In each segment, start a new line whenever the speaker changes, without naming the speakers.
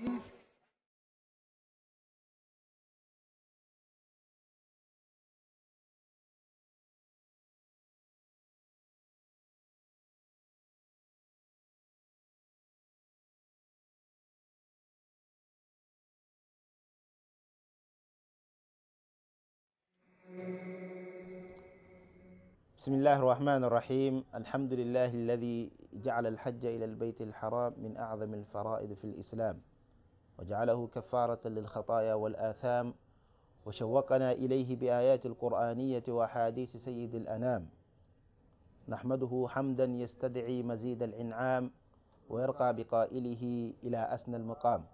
بسم الله الرحمن الرحيم الحمد لله الذي جعل الحج إلى البيت الحرام من أعظم الفرائض في الإسلام وجعله كفارة للخطايا والآثام وشوقنا إليه بآيات القرآنية وأحاديث سيد الأنام نحمده حمدا يستدعي مزيد الإنعام ويرقى بقائله إلى أسنى المقام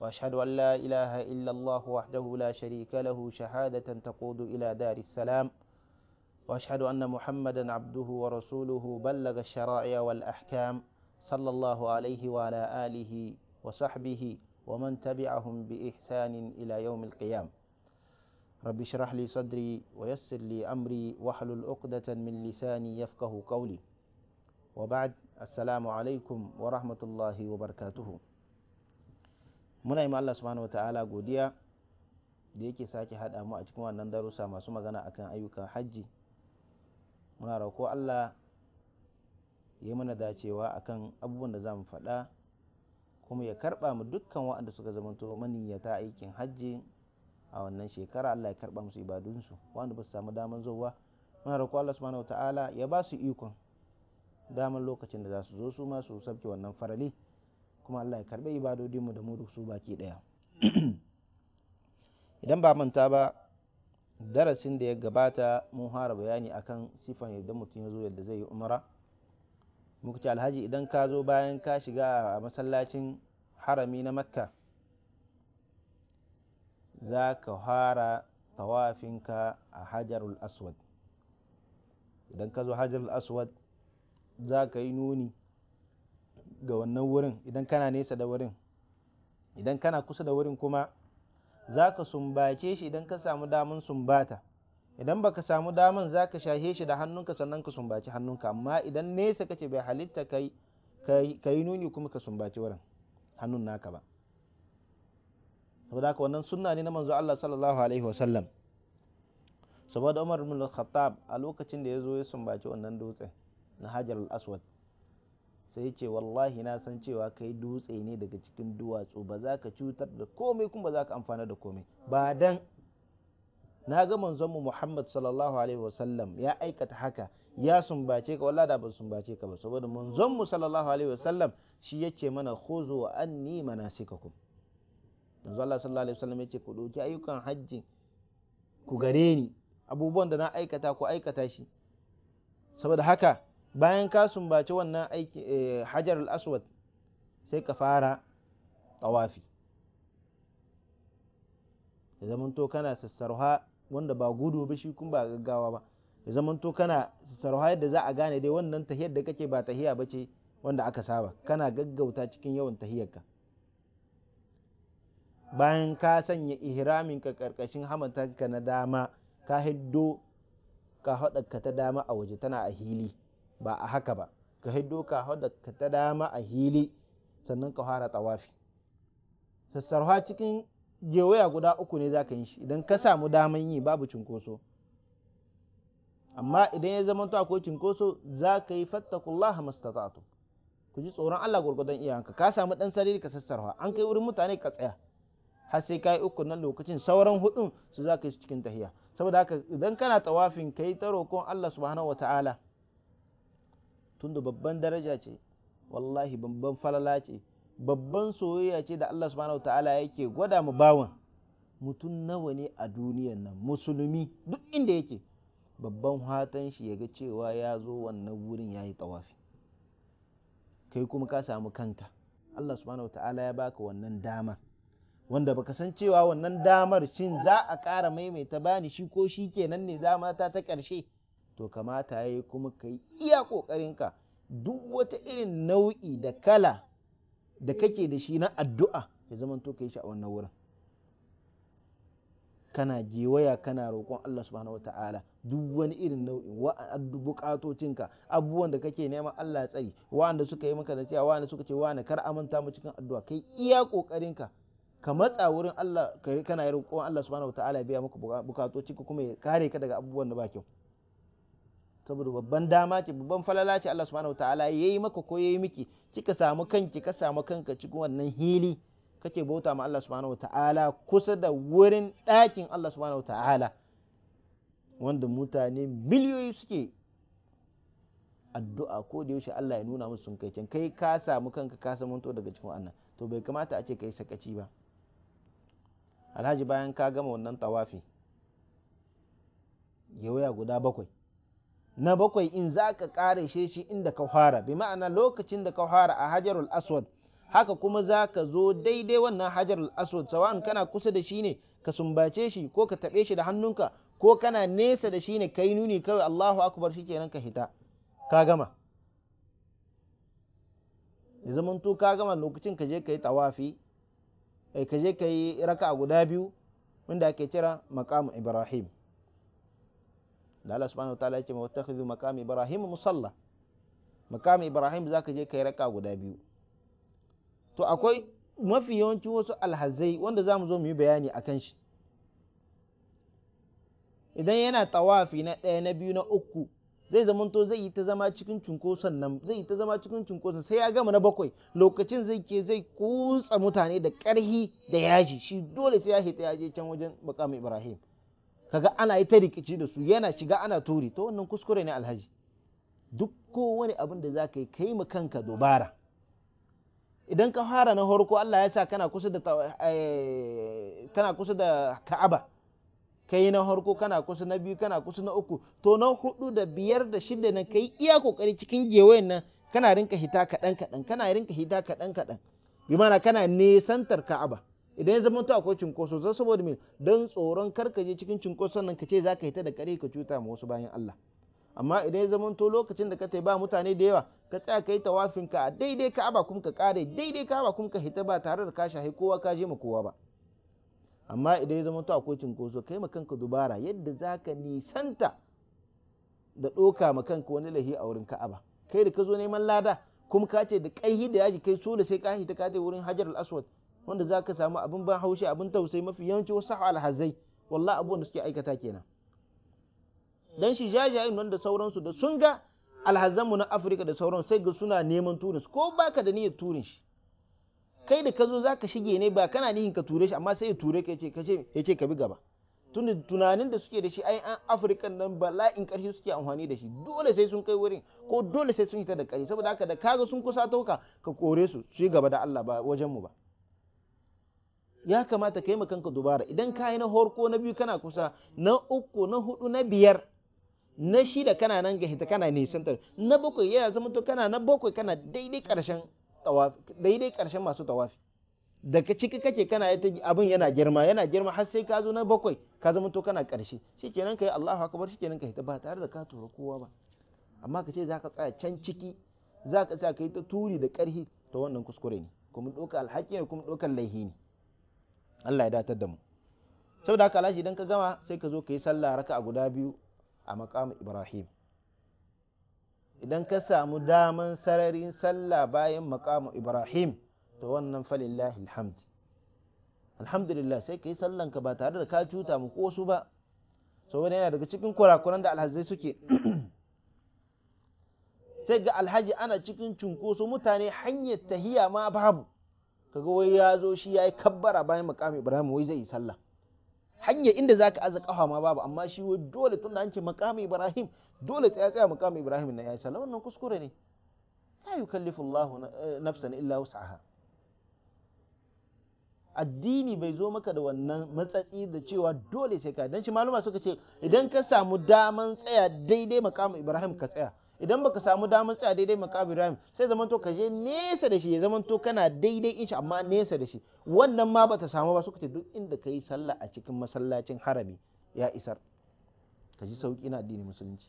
وأشهد أن لا إله إلا الله وحده لا شريك له شهادة تقود إلى دار السلام وأشهد أن محمدا عبده ورسوله بلغ الشرائع والأحكام صلى الله عليه وعلى آله وصحبه ومن تبعهم بإحسان إلى يوم القيامة رب اشرح لي صدري ويسر لي أمري واحلل عقدة من لساني يفقه قولي وبعد السلام alaikum wa rahmatullahi wa barakatuhu muna yi Allah subhanahu ta'ala godiya da yake sake haɗa mu a cikin wannan darusa masu magana akan ayyukan hajji muna rauko Allah ya mana dacewa akan abubuwan da za mu faɗa kuma ya karba mu dukkan waɗanda suka zamanto maniyyata aikin hajji a wannan shekara Allah ya karba musu ibadunsu waɗanda ba su samu daman zuwa muna roƙo Allah subhanahu wataala ya ba su ikon daman lokacin da za su zo su ma su sabke wannan farali kuma Allah ya ibadodin ibadodinmu da mu su baki ɗaya idan ba manta ba darasin da ya gabata mun fara bayani akan sifan yadda mutum ya zo yadda zai yi umara muka ce alhaji idan ka zo bayan ka shiga a masallacin harami na makka za ka fara tawafinka a hajarul aswad idan ka zo hajarul aswad za ka yi nuni ga wannan wurin idan kana nesa da wurin idan kana kusa da wurin kuma za ka sumbace shi idan ka samu daman sumbata idan baka samu daman za ka shahe shi da hannunka sannan ka sumbaci hannunka amma idan nesa kace bai halitta kai ka yi nuni kuma ka sumbaci wurin hannun naka ba saboda haka wannan sunna ne na manzo Allah sallallahu alaihi Sallam saboda Umar ibn al-Khattab a lokacin da ya zo ya sumbaci wannan dutse na Hajar al-Aswad sai ya ce wallahi na san cewa kai dutse ne daga cikin duwatsu ba za ka cutar da komai kuma ba za ka amfana da komai ba dan na ga manzonmu Muhammad sallallahu alaihi Sallam ya aikata haka ya sumbace ka wallahi da ban sumbace ka ba saboda manzonmu sallallahu alaihi Sallam. shi ce mana khuzu wa anni manasikakum manzo Allah sallallahu alaihi wasallam yace ku ɗauki ayyukan hajji ku gare ni abubuwan da na aikata ku aikata shi saboda haka bayan ka sumbaci wannan aiki eh, hajarul aswad sai ka fara tawafi ya zamanto kana sassarwa wanda ba gudu ba shi kun ba gaggawa ba ya zamanto kana sassarwa yadda za a gane dai wannan tahiyar da kake ba tahiya ba ce wanda aka saba kana gaggauta cikin yawan tahiyarka bayan ka sanya ihraminka karkashin ka na dama ka hiddo ka ka ta dama a waje tana a hili ba a haka ba ka hiddo ka ka ta dama a hili sannan ka fara tawafi sassarwa cikin gewaya guda uku ne za ka yi shi idan ka samu daman yi babu cinkoso amma idan ya zama akwai cinkoso za ka yi fattakullaha mastata'atu ku ji tsoron Allah gwargwadon iyayenka ka samu dan sariri ka sassarwa an kai wurin mutane ka tsaya har sai kai uku na lokacin sauran hudun su za ka yi cikin tahiya saboda haka idan kana tawafin kai ta roƙon Allah subhanahu wataala tunda babban daraja ce wallahi babban falala ce babban soyayya ce da Allah subhanahu wataala yake gwada mu bawan mutum nawa ne a duniyan nan musulmi duk inda yake babban hatan shi ya ga cewa ya zo wannan wurin ya yi tawafi kai kuma ka samu kanka Allah subhanahu ta'ala ya baka wannan damar wanda baka san cewa wannan damar shin za a ƙara maimaita bani shi ko shi kenan ne za mata ta ƙarshe to kamata ya yi kuma ka yi iya ka duk wata irin nau'i da kala da kake da shi na addu'a ya to ka yi shi a wannan wurin kana gewaya kana roƙon Allah subhanahu ta'ala duk wani irin nau'in wa'adu bukatocinka abubuwan da kake neman Allah ya tsari wa'anda suka yi maka nasiya wa'anda suka ce wa'anda kar amanta mu cikin addu'a kai iya kokarin ka matsa wurin Allah kai kana yi roƙon Allah subhanahu wataala ya biya maka bukatocinka kuma ya kare ka daga abubuwan da ba kyau saboda babban dama ce babban falala ce Allah subhanahu wataala yi maka ko yayi miki kika samu kanki ka samu kanka cikin wannan hili kake bauta ma Allah subhanahu wataala kusa da wurin ɗakin Allah subhanahu wataala wanda mutane miliyoyi suke addu'a ko da yaushe Allah ya nuna musu sun kai can kai ka samu kanka ka to daga cikin wannan to bai kamata a ce kai sakaci ba alhaji bayan ka gama wannan tawafi waya guda bakwai na bakwai in za ka ƙare shi inda ka fara bi ma'ana lokacin da ka fara a hajarul aswad haka kuma za ka zo daidai wannan hajarul aswad sawan kana kusa da shi ne ka sumbace shi ko ka taɓe shi da hannunka ko kana nesa da shi ne kai nuni kawai Allahu ke nan ka hita ka gama ya zama to ka gama lokacin ka je ka yi tawafi eh, ka je ka yi raka guda biyu wanda ake kira maqamu ibrahim da Allah subhanahu ta'ala ya ce ma wattakhidhu maqam ibrahim musalla maqam ibrahim za ka je yi raka guda biyu to akwai mafi yawancin wasu alhazai wanda za mu zo mu yi bayani akan shi idan yana tawafi na ɗaya na biyu na uku zai zamanto zai yi ta zama cikin cunkoson nan zai yi ta zama cikin cunkoson sai ya gama na bakwai lokacin zai ke zai kutsa mutane da ƙarhi da yaji shi dole sai ya hita yaje can wajen bakamu ibrahim kaga ana yi ta rikici da su yana shiga ana turi to wannan kuskure ne alhaji duk kowane abin da za ka yi kai mu kanka dubara idan ka fara na farko Allah ya sa kana kusa da eh, kana kusa da Ka'aba kai na harko kana kusa na biyu kana kusa na uku to na hudu da biyar da shida na kai iya kokari cikin gewayen nan kana rinka hita kaɗan kaɗan kana rinka hita kaɗan kaɗan bi mana kana nesantar ka'aba idan ya zama to akwai cinkoso zan saboda me don tsoron karka je cikin cinkoson nan ka ce za ka hita da kare ka cuta ma wasu bayan Allah amma idan ya zama to lokacin da ka tai ba mutane da yawa ka tsaya ka yi tawafin ka daidai ka'aba kuma ka kare daidai ka'aba kuma ka hita ba tare da ka shahi kowa ka je ma kowa ba amma idan ya zama to akwai cinkoso kai kanka dubara yadda za ka nisanta da ɗoka ma kanka wani lahi a wurin ka'aba kai da ka zo neman lada kuma ka ce da ƙaihi da yaji kai so da sai ka hita ka wurin hajar al-aswad wanda za ka samu abin ban haushi abin tausayi mafi yawanci wasu alhazai wallah abubuwan da suke aikata kenan dan shi jajayen wanda sauransu da sun ga alhazanmu na afirka da sauran sai ga suna neman tunis ko baka da niyyar turin shi kai da ka zo za ka shige ne ba kana nihin ka ture shi amma sai ya ture ka ya ce ka bi gaba da tunanin da suke da shi ai an afirka nan bala'in karshe suke amfani da shi dole sai sun kai wurin ko dole sai sun hita da kare saboda haka da kaga sun kusa tauka ka kore su su yi gaba da Allah ba wajen mu ba ya kamata kai kanka dubara idan ka yi na horko na biyu kana kusa na uku na hudu na biyar na shida kana nan ga hita kana nisantar na bakwai yana zama to kana na bakwai kana daidai karshen tawafi daidai ƙarshen masu tawafi daga ciki kake kana ita abin yana girma yana girma har sai ka zo na bakwai ka zama to kana ƙarshe shikenan kai Allahu akbar shikenan kai ta ba tare da ka tura kowa ba amma ka ce zaka tsaya can ciki zaka sa kai ta turi da ƙarhi to wannan kuskure ne kuma doka alhaki ne kuma doka laihi ne Allah ya datar da mu saboda haka alashi idan ka gama sai ka zo ka yi sallah raka'a guda biyu a maqam Ibrahim idan ka samu daman sararin sallah bayan makamu ibrahim to wannan falillahi alhamdu. alhamdulillah sai ka yi sallanka ba tare da ka cuta mu ko su ba so wani yana daga cikin kurakuran da alhazai suke sai ga alhaji ana cikin cunkoso mutane hanyar tahiya ma babu kaga wai ya zo shi ya yi kabbara bayan makamu ibrahim wai zai yi sallah hanya inda za ka aza kafa ma babu amma shi dole tun da an ce makamu ibrahim dole tsaya tsaya muqam ibrahim na ya wannan kuskure ne la yukallifu Allah eh, nafsan illa wus'aha addini bai zo maka da wannan matsatsi da cewa dole sai ka dan shi maluma suka ce idan ka samu daman tsaya daidai makamu Ibrahim ka tsaya idan baka samu daman tsaya daidai makamu Ibrahim sai zaman to ka je nesa da shi ya zaman to kana daidai in shi amma nesa da shi wannan ma bata samu ba suka ce duk inda ka sallah a cikin masallacin harami ya isar ka ji sauki na addinin musulunci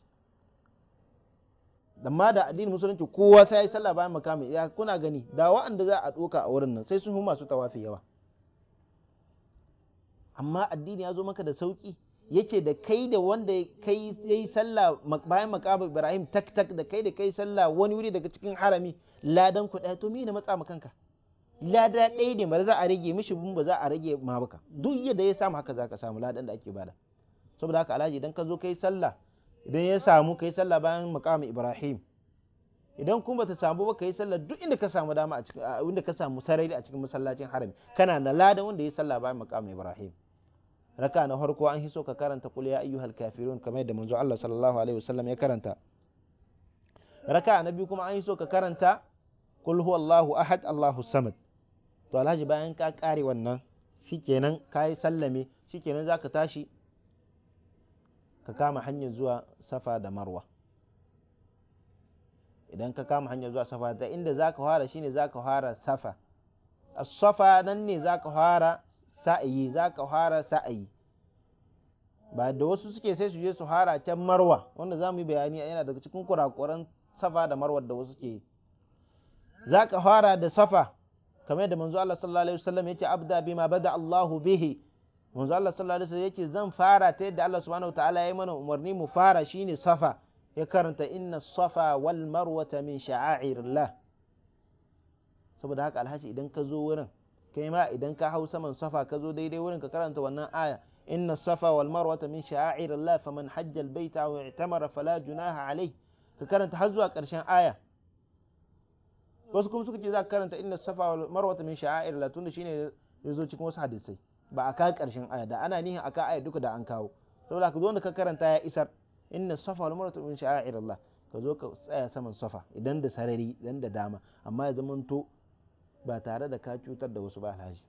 amma da addinin musulunci kowa sai ya yi sallah bayan makami ya kuna gani da wa'anda za a ɗoka a wurin nan sai sun fi masu tawafi yawa amma addini ya zo maka da sauki yace da kai da wanda kai yayi sallah bayan makabar Ibrahim tak tak da kai da kai sallah wani wuri daga cikin harami ladan ku ɗaya to me ne matsa kanka lada ɗaya ne ba za a rage mishi bin ba za a rage ma baka duk yadda ya samu haka zaka samu ladan da ake bada saboda haka alhaji idan ka zo kai sallah idan ya samu ka yi sallah bayan makamin ibrahim idan kuma bata samu ba ka yi sallah duk inda ka samu dama a cikin inda ka samu sarari a cikin masallacin harami kana da ladan wanda ya sallah bayan makamin ibrahim raka na farko an hiso ka karanta kul ya ayyuhal kafirun kamar yadda manzo Allah sallallahu alaihi wasallam ya karanta raka na biyu kuma an hiso ka karanta kul huwallahu ahad Allahu samad to alhaji bayan ka kare wannan shikenan ka yi sallame shikenan zaka tashi ka kama hanyar zuwa safa da marwa idan ka kama hanyar zuwa safa ta inda za ka fara shine za ka fara safa a safa nan ne za ka fara sa'ayi za ka fara sa'ayi ba da wasu suke sai su je su fara can marwa wanda za mu yi bayani yana daga cikin kurakuran safa da marwa da wasu ke za ka fara da safa kamar da manzo Allah sallallahu alaihi wasallam yake abda bima bada Allahu bihi manzo Allah sallallahu alaihi wasallam yake zan fara ta yadda Allah subhanahu wataala ya yi mana umarni mu fara shine safa ya karanta inna safa wal marwata min sha'airillah saboda haka alhaji idan ka zo wurin kai ma idan ka hau saman safa ka zo daidai wurin ka karanta wannan aya inna safa wal marwata min sha'airillah faman hajjal baita wa i'tamara fala junaha alayhi ka karanta har zuwa karshen aya wasu kuma suka ce za ka karanta inna safa wal marwata min sha'airillah tunda shine zo cikin wasu hadisai ba a kawo karshen aya da ana nihin a kawo aya duka da an kawo saboda ka zo da ka karanta ya isar inna safa wal marwa min sha'air Allah ka zo ka tsaya saman safa idan da sarari idan da dama amma ya to ba tare da ka cutar da wasu ba alhaji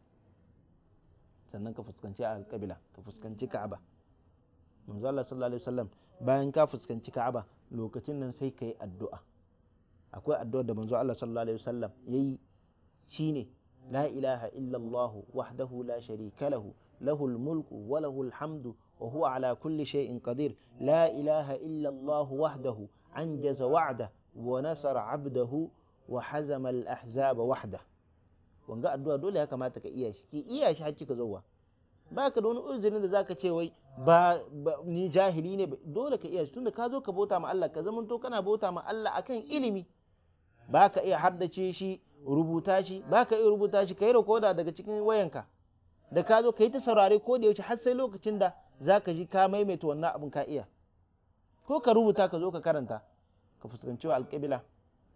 sannan ka fuskanci alƙabila ka fuskanci ka'aba manzo Allah sallallahu alaihi wasallam bayan ka fuskanci ka'aba lokacin nan sai ka yi addu'a akwai addu'a da manzo Allah sallallahu alaihi wasallam yayi shine لا إله إلا الله وحده لا شريك له له الملك وله الحمد وهو على كل شيء قدير لا إله إلا الله وحده أنجز وعده ونصر عبده وحزم الأحزاب وحده wanga addu'a dole ya kamata ka iya shi ki iya shi har kika zauwa baka da wani uzuri da zaka ce wai ba ni jahili ne dole ka iya shi tunda ka zo ka bauta ma Allah ka zamanto kana bauta ma Allah akan ilimi baka iya haddace shi rubuta shi ba ka iya rubuta shi ka yi rikoda daga cikin wayanka da ka zo ka yi ta saurare ko da yaushe har sai lokacin da za ka ji ka maimaita wannan abin ka iya ko ka rubuta ka zo ka karanta ka fuskanci wa alƙabila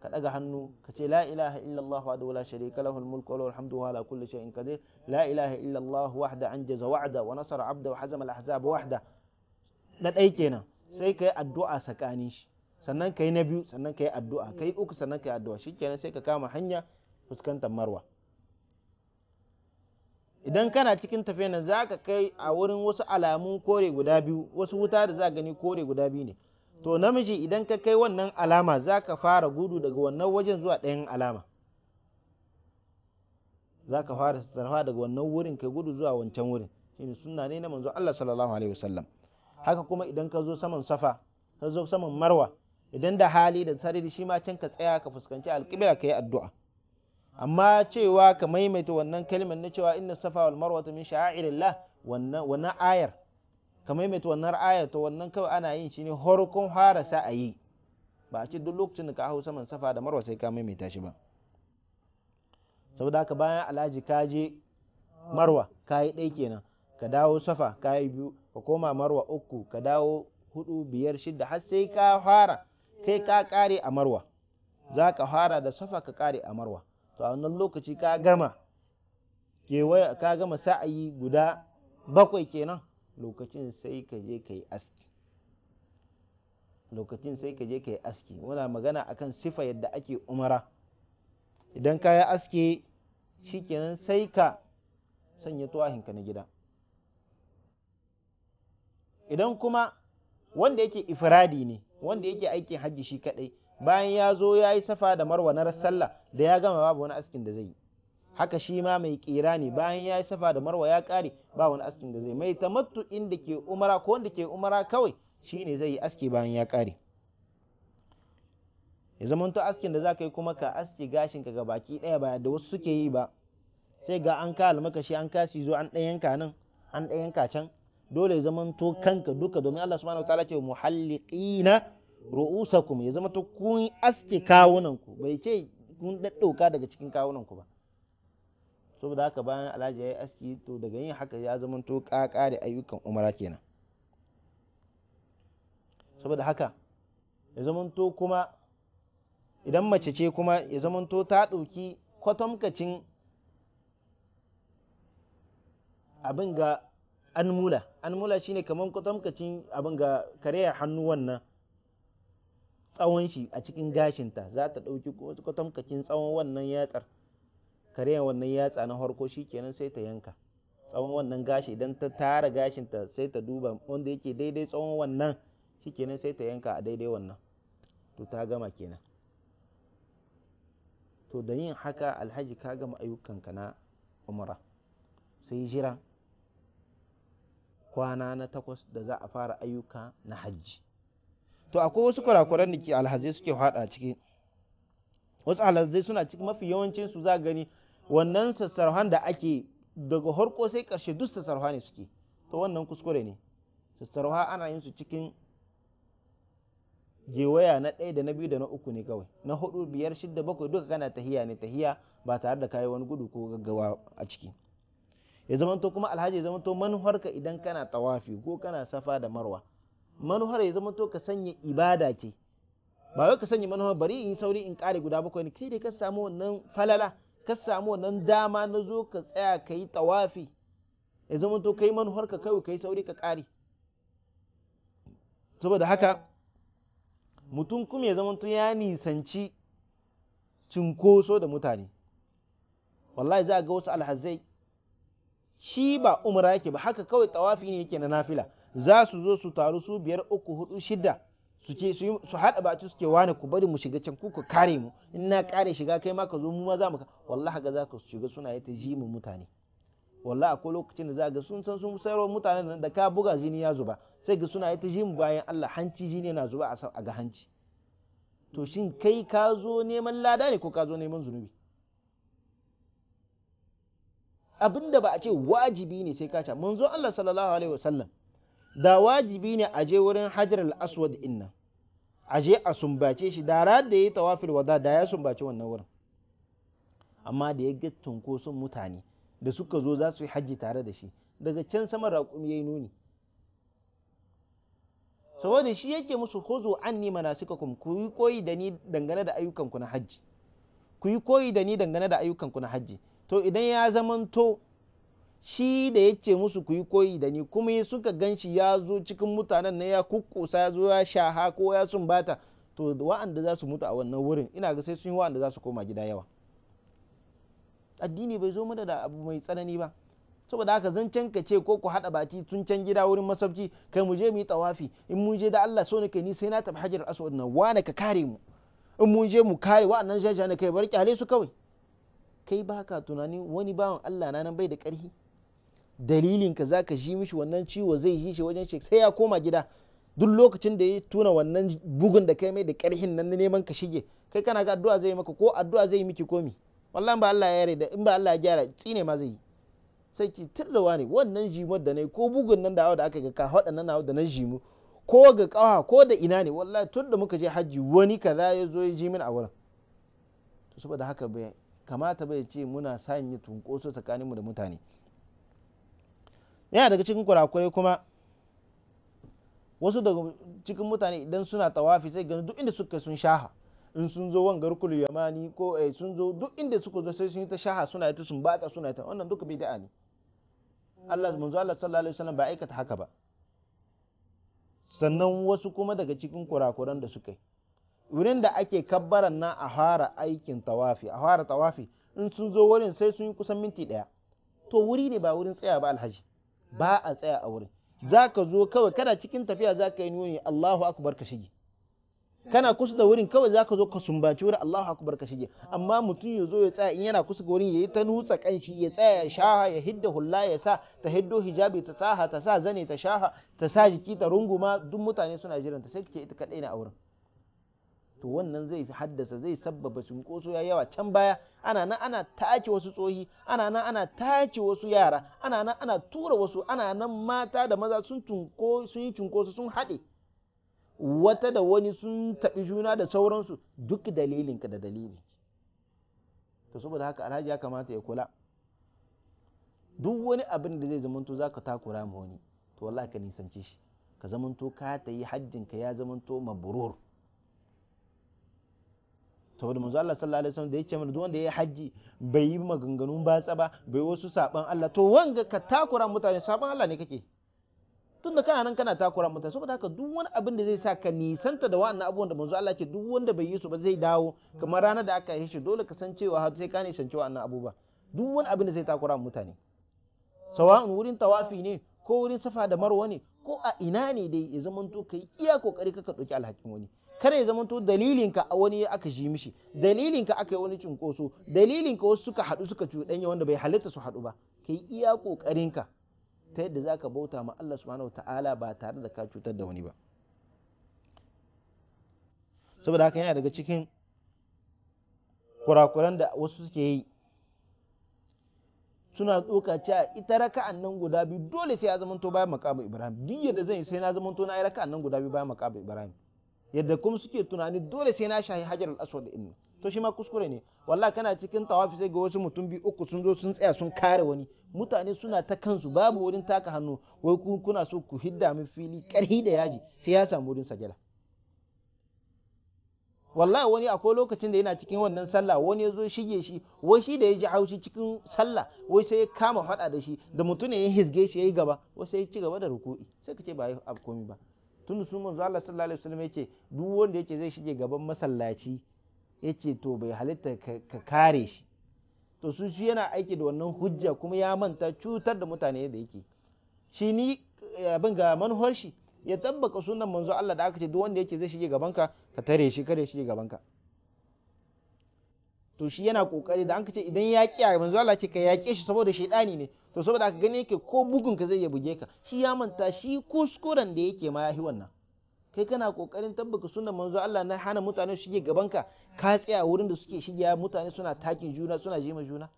ka ɗaga hannu ka ce la ilaha illallah wa la sharika lahu mulku wa alhamdu ala kulli shay'in qadir la ilaha illallah wahda anjaza wa'da wa nasara abda wa hazama al-ahzab wahda na ɗai kenan sai ka yi addu'a tsakanin shi sannan ka yi na biyu sannan ka yi addu'a ka yi uku sannan ka yi addu'a shikenan sai ka kama hanya fuskantar marwa idan kana cikin tafiya nan za ka kai a wurin wasu alamun kore guda biyu wasu wuta da za gani kore guda biyu ne to namiji idan ka kai wannan alama za ka fara gudu daga wannan wajen zuwa ɗayan alama za ka fara sarfa daga wannan wurin kai gudu zuwa wancan wurin shine sunna ne na manzo Allah sallallahu alaihi wasallam haka kuma idan ka zo saman safa ka zo saman marwa idan da hali da sarari shi ma can ka tsaya ka fuskanci alƙibla ka yi addu'a amma cewa ka maimaita wannan kalmar na cewa inna safa wal marwata min sha'irillah wannan wannan ayar ka maimaita wannan ayar to wannan kawai ana yin shi ne horkon fara sa a yi ba a ce duk lokacin da ka hau saman safa da marwa sai ka maimaita shi ba saboda haka bayan alhaji ka je marwa ka yi ɗai kenan ka dawo safa ka yi biyu ka koma marwa uku ka dawo hudu biyar shidda har sai ka fara kai ka kare a marwa za ka fara da safa ka kare a marwa to a wannan lokaci ka gama kewaya ka gama sa'ayi guda bakwai kenan lokacin sai ka je ka yi aski lokacin sai ka je ka yi aski muna magana akan sifa yadda ake umara idan ka yi aski shikenan sai ka sanya tuwahinka na gida idan kuma wanda yake Ifiradi ne wanda yake aikin hajji shi kadai bayan ya zo ya yi safa da marwa na sallah da ya gama babu wani askin da zai yi haka shi ma mai kira ne bayan ya yi safa da marwa ya kare ba wani askin da zai mai tamattu inda ke umara ko wanda ke umara kawai shi ne zai yi aski bayan ya kare ya zama to askin da za ka yi kuma ka aski gashin ka baki ɗaya ba da wasu suke yi ba sai ga an ka shi an kasi zo an ka nan an ka can dole ya zama to kanka duka domin Allah subhanahu wa ta'ala ce muhalliqina ru'usakum ya zama to kun aske kawunanku bai ce kun daddauka daga cikin kawunanku ba saboda haka bayan alhaji ya yi aski to daga yin haka ya zama to da ayyukan umara kenan saboda haka ya zama to kuma idan mace ce kuma ya zama to ta ɗauki kwatamkacin abin ga an mula an mula shine kamar kwatamkacin abin ga kariyar hannu wannan tsawon shi a cikin gashinta za ta ɗauki kwatankacin tsawon wannan yatsar karyan wannan yatsa na harko kenan sai ta yanka tsawon wannan gashi idan ta tara gashinta sai ta duba wanda yake daidai tsawon wannan kenan sai ta yanka a daidai wannan to ta gama kenan to da yin haka alhaji ka gama ayyukanka na umra sai jira kwana na takwas da za a fara ayyuka na hajji to akwai wasu kurakuran da ke alhazai suke fada ciki wasu alhazai suna cikin mafi yawancin su za gani wannan sassarhan da ake daga harko sai karshe duk sassarha ne suke to wannan kuskure ne sassarha ana yin su cikin gewaya na ɗaya da na biyu da na uku ne kawai na hudu biyar shidda bakwai duka kana tahiya ne tahiya ba tare da kayi wani gudu ko gaggawa a ciki ya zamanto kuma alhaji ya zamanto manuharka idan kana tawafi ko kana safa da marwa manuhar ya zama to ka sanya ibada ce ba wai ka sanya manuhar bari in sauri in kare guda bakwai ne kai dai ka samu wannan falala ka samu wannan dama na zo ka tsaya ka yi tawafi ya zama to kai manuhar ka kawai ka yi sauri ka kare saboda haka mutum kuma ya zama to ya nisanci cinkoso da mutane wallahi za a ga wasu alhazai shi ba umra yake ba haka kawai tawafi ne yake na nafila za su zo su taru su biyar uku hudu shida su ce su haɗa ba su ke wani ku bari mu shiga can ku ku kare mu in na kare shiga kai ma ka zo mu ma za mu ka wallahi ga za ka shiga suna yi ta ji mu mutane wallahi akwai lokacin da za ga sun san sun sayarwa mutanen da ka buga jini ya zuba sai ga suna yi ta ji mu bayan Allah hanci jini yana zuba a ga hanci to shin kai ka zo neman lada ne ko ka zo neman zunubi abinda ba a ce wajibi ne sai ka ca manzo Allah sallallahu alaihi wasallam da wajibi ne a je wurin hajar al'aswad aswad inna a je a sumbace shi da ran da ya yi tawafil wada da ya sumbace wannan wurin amma da ya ga tunkoson mutane da suka zo za su yi hajji tare da shi daga can saman raƙum ya yi nuni saboda shi yake musu hozo an ni kuma ku yi koyi da ni dangane da ayyukanku na hajji ku yi koyi da ni dangane da ayyukanku na hajji to idan ya zamanto shi da ya ce musu ku yi koyi da ni kuma suka gan shi ya zo cikin mutanen na ya kukkusa ya zo ya shaha ko ya sumbata to wa'anda za su mutu a wannan wurin ina ga sai sun yi wa'anda za su koma gida yawa addini bai zo mana da abu mai tsanani ba saboda haka zancen ka ce ko ku haɗa baki tun can gida wurin masauki kai mu je mu yi tawafi in mun je da Allah so ne kai ni sai na tafi hajjar aswad na wane ka kare mu in mun je mu kare wa'annan jaja kai bar kyale su kawai kai baka tunanin wani bawan Allah na nan bai da ƙarfi dalilin ka ji mishi wannan ciwo zai yi shi wajen shi sai ya koma gida duk lokacin da ya tuna wannan bugun da kai mai da karhin nan neman ka shige kai kana ga addu'a zai maka ko addu'a zai miki komi wallahi ba Allah ya yare da in ba Allah ya gyara tsine ma zai yi sai ki tirlawa ne wannan jimo da nai ko bugun nan da da aka ga ka hada nan da nan jimo ko ga kawa ko da ina ne wallahi tun da muka je hajji wani kaza ya zo ya ji min a wurin saboda haka bai kamata bai ce muna sanya tunkoso tsakaninmu da mutane yana daga cikin kurakurai kuma wasu daga cikin mutane idan suna tawafi sai gani duk inda suka sun shaha in sun zo wangar kulu yamani ko eh, sun zo duk inda suka zo sai sun yi ta shaha suna ta sun bata suna ta wannan duka bid'a ne Allah mm. manzo Allah sallallahu alaihi wasallam ba aikata haka ba sannan wasu kuma daga cikin kurakuran da suka yi wurin da ake kabbaran na a fara aikin tawafi a fara tawafi in sun zo wurin sai sun yi kusan minti daya to wuri ne ba wurin tsaya ba alhaji ba a tsaya a wurin za ka zo kawai kana cikin tafiya za ka yi nuni Allahu akbar ka shige kana kusa da wurin kawai za ka zo ka sumbaci wurin Allahu akbar ka shige amma mutum ya zo ya tsaya in yana kusa da wurin ya yi ta nutsa kanshi ya tsaya ya shaha ya hidda hula ya sa ta hiddo hijabi ta saha ta sa zane ta shaha ta sa jiki ta runguma duk mutane suna jiran ta sai ke ita kadai na a wurin to wannan zai haddasa zai sabbaba cunkoso ya yawa can baya ana nan ana take wasu tsohi ana nan ana take wasu yara ana nan ana tura wasu ana nan mata da maza sun tunko sun yi cunkoso sun haɗe wata da wani sun taɓi juna da sauransu duk dalilinka da dalili to saboda haka alhaji ya kamata ya kula duk wani abin da zai zamanto za ka takura ma wani to wallahi ka nisance shi ka zamanto ka ta yi hajjinka ya zamanto mabrur saboda manzo Allah sallallahu alaihi wasallam da yake mana duk wanda yayi haji bai yi maganganun batsa ba bai wasu saban Allah to wanga ka takura mutane saban Allah ne kake tunda kana nan kana takura mutane saboda haka duk wani abin da zai sa ka nisanta da wa'annan abubuwan da manzo Allah ce duk wanda bai yi su ba zai dawo kamar ranar da aka yi shi dole ka san cewa har sai ka nisanci wa'annan abubuwa duk wani abin da zai takura mutane sawa'un wurin tawafi ne ko wurin safa da marwa ne ko a ina ne dai ya to kai iya kokari kaka ɗauki alhakin wani kare zama to dalilinka a wani aka ji mishi dalilinka aka yi wani cinkoso dalilinka wasu suka haɗu suka cuɗanya wanda bai halitta su haɗu ba ka yi iya ka ta yadda za ka bauta ma Allah subhanahu ta'ala ba tare da ka cutar da wani ba saboda haka yana daga cikin kurakuran da wasu suke yi suna tsoka cewa ita raka'an nan guda biyu dole sai ya to bayan makabu ibrahim duk yadda zan yi sai na zamanto na yi raka'an nan guda biyu bayan makabu ibrahim yadda kuma suke tunani dole sai na shahi hajar al-aswad din to shi ma kuskure ne wallahi kana cikin tawafi sai ga wasu mutum biyu uku sun zo sun tsaya sun kare wani mutane suna ta kansu babu wurin taka hannu wai ku kuna so ku hidda min fili karhi da yaji sai ya samu wurin sajada wallahi wani akwai lokacin da yana cikin wannan sallah wani ya zo shige shi wai shi da ya ji haushi cikin sallah wai sai ya kama fada da shi da mutum ya hisge shi ya yi gaba wai sai ya ci gaba da ruku'i sai ka ce ba yi komi ba tun su manzo Allah sallallahu alaihi wasallam yake duk wanda yake zai shige gaban masallaci yake to bai halitta ka kare shi to su shi yana aiki da wannan hujja kuma ya manta cutar da mutane da yake shi ni eh, abin ga manhor shi ya tabbaka sunan manzo Allah da aka ce duk wanda yake zai shige gaban ka ka tare shi kada shige gaban ka to shi yana kokari da an ce idan ya kiya manzo Allah ce ka yaƙe shi saboda shaidani ne to saboda ka gani yake ko bugun ka zai ya buge ka shi ya manta shi kuskuren da yake ma ya yahi wannan kai kana kokarin tabbaka sunan manzo Allah na hana mutane su shige gaban ka ka tsaya wurin da suke shige mutane suna takin juna suna jima juna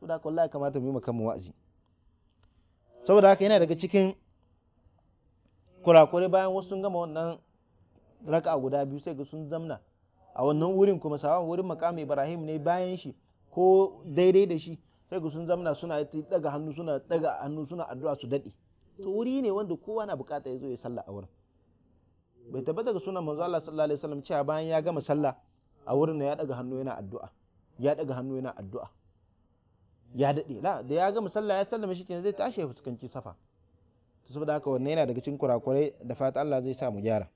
saboda ka wallahi kamata mu yi makamu wa'azi saboda haka yana daga cikin kurakure bayan wasu sun gama wannan raka guda biyu sai ga sun zamna a wannan wurin kuma sawan wurin makamu Ibrahim ne bayan shi ko daidai da shi sai sun zamana suna daga hannu suna daga hannu suna addu'a su dade to wuri ne wanda kowa na bukata ya zo ya sallah a wurin bai tabbata daga sunan manzo Allah sallallahu alaihi wasallam cewa bayan ya gama sallah a wurin ne ya daga hannu yana addu'a ya daga hannu yana addu'a ya dade la da ya gama sallah ya sallama shi kenan zai tashi ya fuskanci safa to saboda haka wannan yana daga cikin kurakurai da fata Allah zai sa mu gyara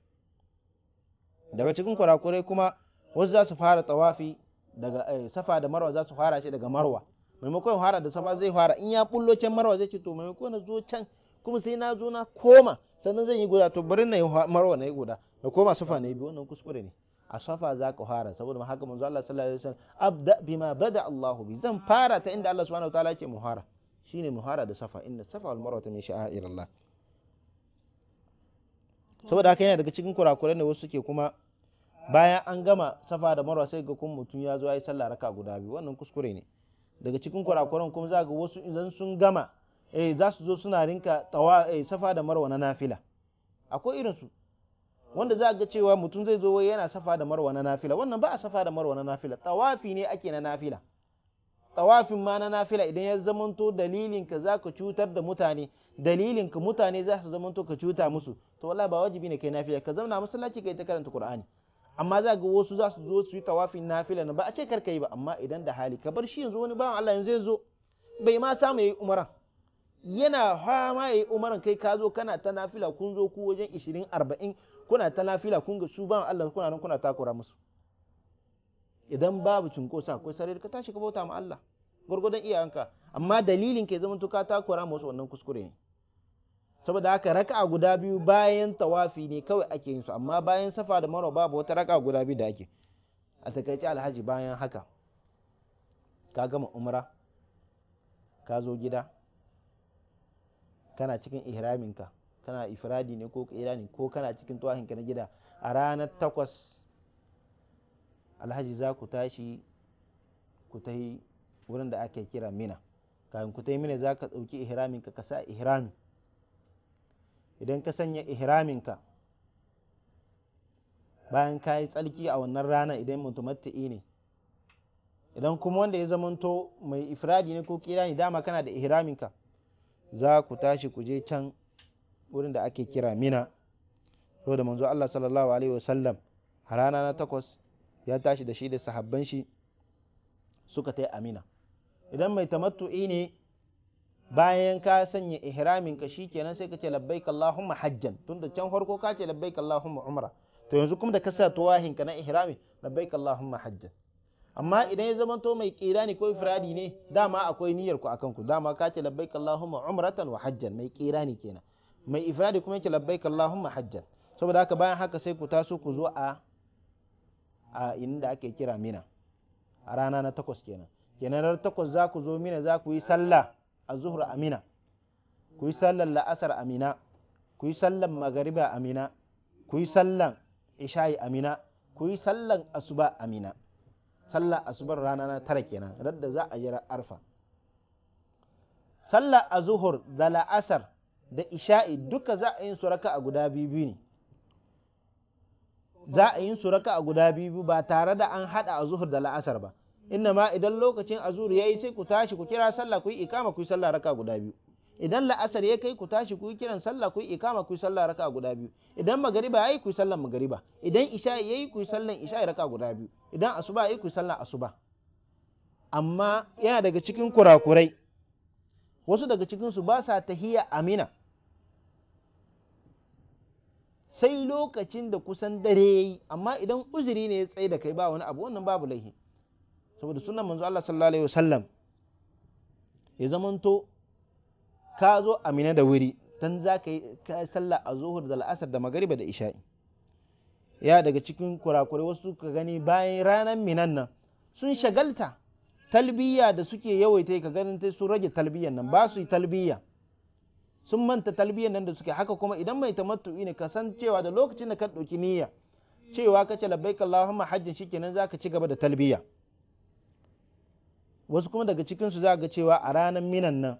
daga cikin kurakurai kuma wasu za su fara tawafi daga eh, safa da marwa za su fara shi daga marwa maimakon fara da safa zai fara in ya bullo can marwa zai ce to maimakon na zo can kuma sai na zo na koma sannan zan yi guda to bari na yi marwa na yi guda na koma safa na yi biyu wannan kuskure ne a safa za ka fara saboda haka manzo Allah sallallahu alaihi wasallam abda bima bada Allah bi zan fara ta inda Allah subhanahu wataala yake muhara shine muhara da safa inna safa wal marwa min sha'air Allah saboda haka yana daga cikin kurakurai ne wasu ke kuma bayan an gama safa da marwa sai ga kun mutum ya zo ya yi sallah raka guda biyu wannan kuskure ne daga cikin kurakuran kuma za ga wasu idan sun gama eh za su zo suna rinka tawa eh safa da marwa na nafila akwai irin su wanda za ga cewa mutum zai zo wai yana safa da marwa na nafila wannan ba a safa da marwa na nafila tawafi ne ake na nafila tawafin ma na nafila idan ya zamanto dalilin ka zaka cutar da mutane dalilin ka mutane za su zamanto ka cuta musu to wallahi ba wajibi ne kai nafila ka zauna masallaci kai ta karanta qur'ani amma za ga wasu za su zo su yi tawafin nafila na ba a ce karka yi ba amma idan da hali ka bar shi yanzu wani bawan Allah yanzu zai zo bai ma samu yayi umara yana fama yayi umaran kai ka zo kana ta nafila kun zo ku wajen 20 40 kuna ta nafila kun ga su bawan Allah kuna nan kuna takura musu idan babu cinkosa akwai sarari ka tashi ka bauta ma Allah gurgudan iyayenka amma dalilin ke zama to ka takura musu wannan kuskure ne saboda haka raka guda biyu bayan tawafi ne kawai ake yin su amma bayan safa da marwa babu wata raka guda biyu da ake a takaice alhaji bayan haka ka gama umra ka zo gida kana cikin ihraminka kana ifradi ne ko ne, ko kana cikin tawafinka na gida a ranar takwas alhaji za ku tashi ku ta yi wurin da ake kira mina kayan ku ta yi mina za ka ɗauki ihraminka ka sa ihramin idan ka sanya ihraminka bayan ka yi tsarki a wannan rana idan mutumatta'i ne idan kuma wanda ya zamanto mai ifradi ne ko kira ne dama kana da ihraminka za ku tashi ku je can wurin da ake kira mina so da manzo Allah sallallahu alaihi wasallam a rana na takwas ya tashi da shi da sahabban shi suka ta amina idan mai tamattu'i ne bayan ka sanya ihramin ka shikenan sai ka ce labbaik Allahumma hajjan tunda can farko ka ce labbaik Allahumma umra to yanzu kuma da ka sa tuwahin ka na ihrami labbaik Allahumma hajjan amma idan ya zamanto mai kira ne ko ifradi ne dama akwai niyyar ku akan ku dama ka ce labbaik Allahumma umratan wa hajjan mai kira ne kenan mai ifradi kuma yake labbaik Allahumma hajjan saboda haka bayan haka sai ku taso ku zo a a inda ake kira mina a rana na takwas kenan kenan ran takwas za ku zo mina za ku yi sallah zuhur amina ku yi sallar la'asar amina ku yi sallan magariba amina ku yi sallan isha'i amina ku yi sallan asuba amina sallar asubar rana tara kenan radda za a jira arfa sallar azuhur da la'asar da isha'i duka za a yin su a guda biyu ba tare da an haɗa azuhur da la'asar ba inna ma idan lokacin azur yi sai ku tashi ku kira sallah ku yi ikama ku yi sallah raka guda biyu idan la'asar ya kai ku tashi ku yi kiran sallah ku yi ikama ku yi sallah raka guda biyu idan magariba ya yi ku yi sallah magariba idan isha yi ku yi sallah isha raka guda biyu idan asuba ya yi ku yi sallah asuba amma yana daga cikin kurakurai wasu daga cikin su ba sa tahiyya amina sai lokacin da kusan dare yayi amma idan uzuri ne ya tsaye da kai ba wani abu wannan babu laihi saboda sunan manzo Allah sallallahu alaihi wasallam ya zamanto ka zo amina da wuri dan za ka sallah a zuhur da la'asar da magariba da isha'i ya daga cikin kurakurai wasu ka gani bayan ranar minan nan sun shagalta talbiya da suke yawaita ka ganin sai sun rage talbiyan nan ba su yi talbiya sun manta talbiyan nan da suke haka kuma idan mai tamattu'i ne ka san cewa da lokacin da ka ɗauki niyya cewa ka ce labbaik Allahumma hajjin shikenan zaka ci gaba da talbiya wasu kuma daga cikinsu za ga cewa a ranar minan nan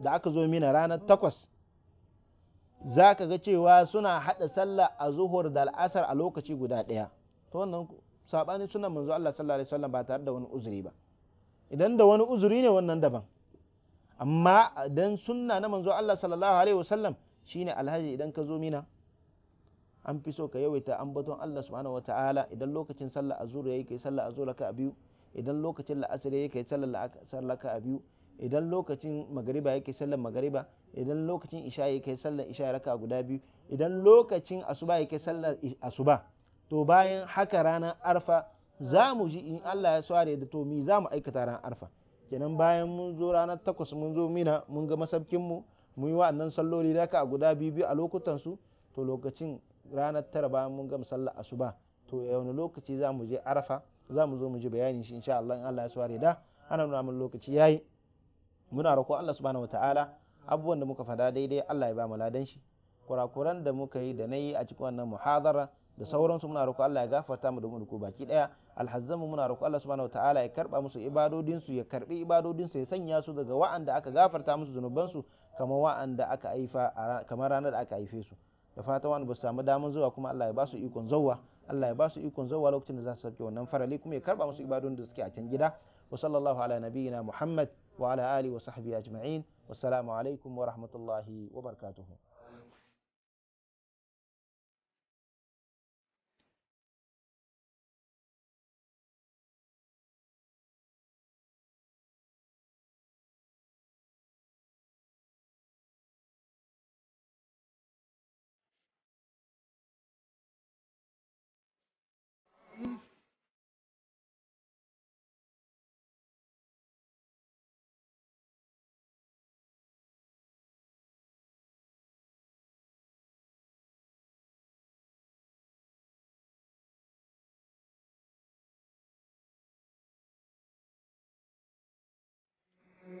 da aka zo mina ranar takwas za ka ga cewa suna haɗa sallah a zuhur da al'asar a lokaci guda ɗaya ta wannan saɓani suna manzo Allah sallallahu alaihi wasallam ba tare da wani uzuri ba idan da wani uzuri ne wannan daban amma dan sunna na manzo Allah sallallahu alaihi wasallam shine alhaji idan ka zo mina an fi so ka yawaita ambaton Allah subhanahu wataala idan lokacin sallah azhur yayi kai sallah azhur ka biyu idan lokacin la'asar yake sallar sallar a biyu idan lokacin magariba yake sallar magariba idan lokacin isha yake sallar isha raka guda biyu idan lokacin asuba yake sallar asuba to bayan haka ranar arfa za mu ji in Allah ya sware da to mi za mu aikata ranar arfa kenan bayan mun zo ranar takwas mun zo mina mun ga masabkin mu mun yi wa'annan salloli a guda biyu biyu a lokutan su to lokacin ranar tara bayan mun ga sallar asuba to wani lokaci za mu je arfa. za mu zo mu ji bayanin shi insha Allah in Allah ya suware da ana nuna mun lokaci yayi muna roƙo Allah subhanahu wataala abubuwan da muka fada daidai Allah ya ba mu ladan shi kurakuran da muka yi da na yi a cikin wannan muhadara da sauransu muna roƙo Allah ya gafarta mu da mu duku baki daya alhazzamu muna roƙo Allah subhanahu wataala ya karba musu ibadodin su ya karbi ibadodin su ya sanya su daga wa'anda aka gafarta musu zanuban su kamar wa'anda aka haifa kamar ranar da aka haife su da fatan wani ba su samu damar zuwa kuma Allah ya ba su ikon zauwa الله يبارك يكون زوال وقت نزاس الجون نفر ليكم يكرب أمس إبادون دسك عشان جدا وصلى الله على نبينا محمد وعلى آله وصحبه أجمعين والسلام عليكم ورحمة الله وبركاته